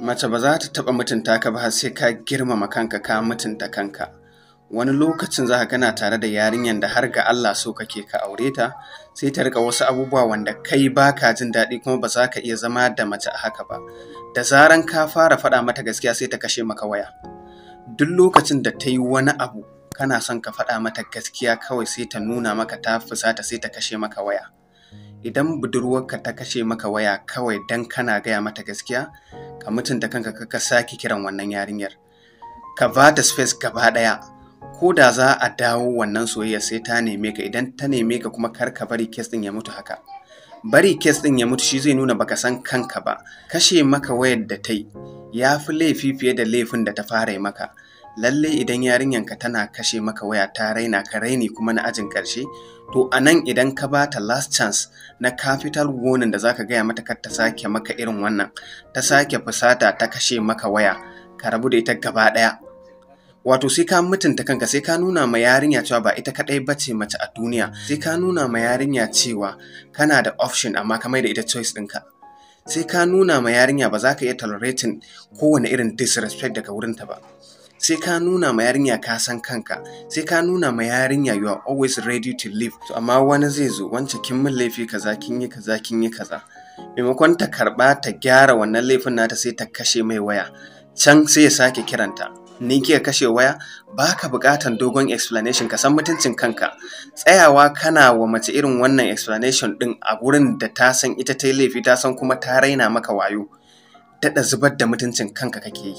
mace ba za ta taɓa mutunta ka ba sai ka girmama kanka ka mutunta kanka wani lokacin za ka kana tare da yarinyar da har ga Allah so kake ka aure ta sai ta rika wasu abubuwa wanda kai ba ka jin daɗi kuma ba za ka iya zama da mace a haka ba da zaran ka fara faɗa mata gaskiya sai ta kashe maka waya duk lokacin da ta yi wani abu kana son ka faɗa mata gaskiya kawai sai ta nuna maka ta fusata sai ta kashe maka waya idan budurwarka ta kashe maka waya kawai don kana gaya mata gaskiya ka mutunta kanka ka sake kiran wannan yarinyar ka ba ta space gaba daya ko da za a dawo wannan soyayya sai ta neme ka idan ta neme ka kuma kar ka bari kes ɗin ya mutu haka bari kes ɗin ya mutu shi zai nuna baka san kanka ba kashe maka wayar da ta yi ya fi laifi fiye da laifin da ta fara maka lallai idan yarinyanka tana kashe maka waya ta raina ka raini kuma na ajin karshe to a nan idan ka ba ta last chance na capital warning da zaka gaya mata kar ta sake maka irin wannan ta sake fusata ta kashe maka waya ka rabu da ita gaba ɗaya wato sai ka mutunta kanka sai ka nuna ma yarinya cewa ba ita kadai bace mace a duniya sai ka nuna ma yarinya cewa kana da option amma ka mai da ita choice ɗinka sai ka nuna ma yarinya ba za ka iya tolerating kowane irin disrespect daga wurinta ba sai ka nuna ma yarinya ka san kanka sai ka nuna ma yarinya you are always ready to live to amma wani zai zo wance kin min laifi kaza kin yi kaza kin yi kaza maimakon ta karba ta gyara wannan laifin nata sai ta kashe mai waya can sai ya sake kiranta ni kika kashe waya ba ka bukatan dogon explanation ka san mutuncin kanka tsayawa kana wa mace irin wannan explanation din a gurin da ta san ita ta laifi ta san kuma ta raina maka wayo daɗa zubar da mutuncin kanka kake yi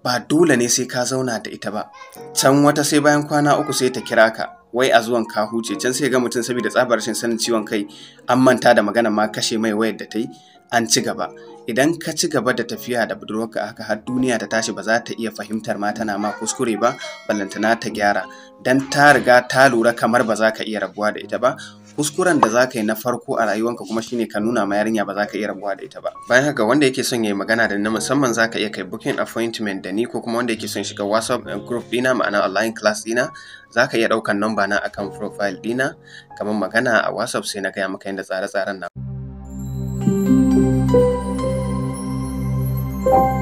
ba dole ne sai ka zauna da ita ba can wata sai bayan kwana uku sai ta kira ka wai a zuwan ka huce can sai ga mutum saboda tsabar rashin sanin ciwon kai an manta da magana ma kashe mai wayar da ta yi an ci gaba idan ka ci gaba da tafiya da budurwarka haka har duniya ta tashi ba za ta iya fahimtar ma tana ma kuskure ba ballantana ta gyara dan ta riga ta lura kamar ba za ka iya rabuwa da ita ba kuskuren da za ka yi na farko a rayuwanka kuma shine ka nuna ma yarinya ba za ka iya rabuwa da ita ba bayan haka wanda yake son ya yi magana da ni musamman za ka iya kai booking appointment da ni ko kuma wanda yake son shiga whatsapp eh, group dina ma'ana online class dina za ka iya ɗaukan namba na akan profile dina kamar magana a whatsapp sai na gaya maka yadda tsare-tsaren na Thank you.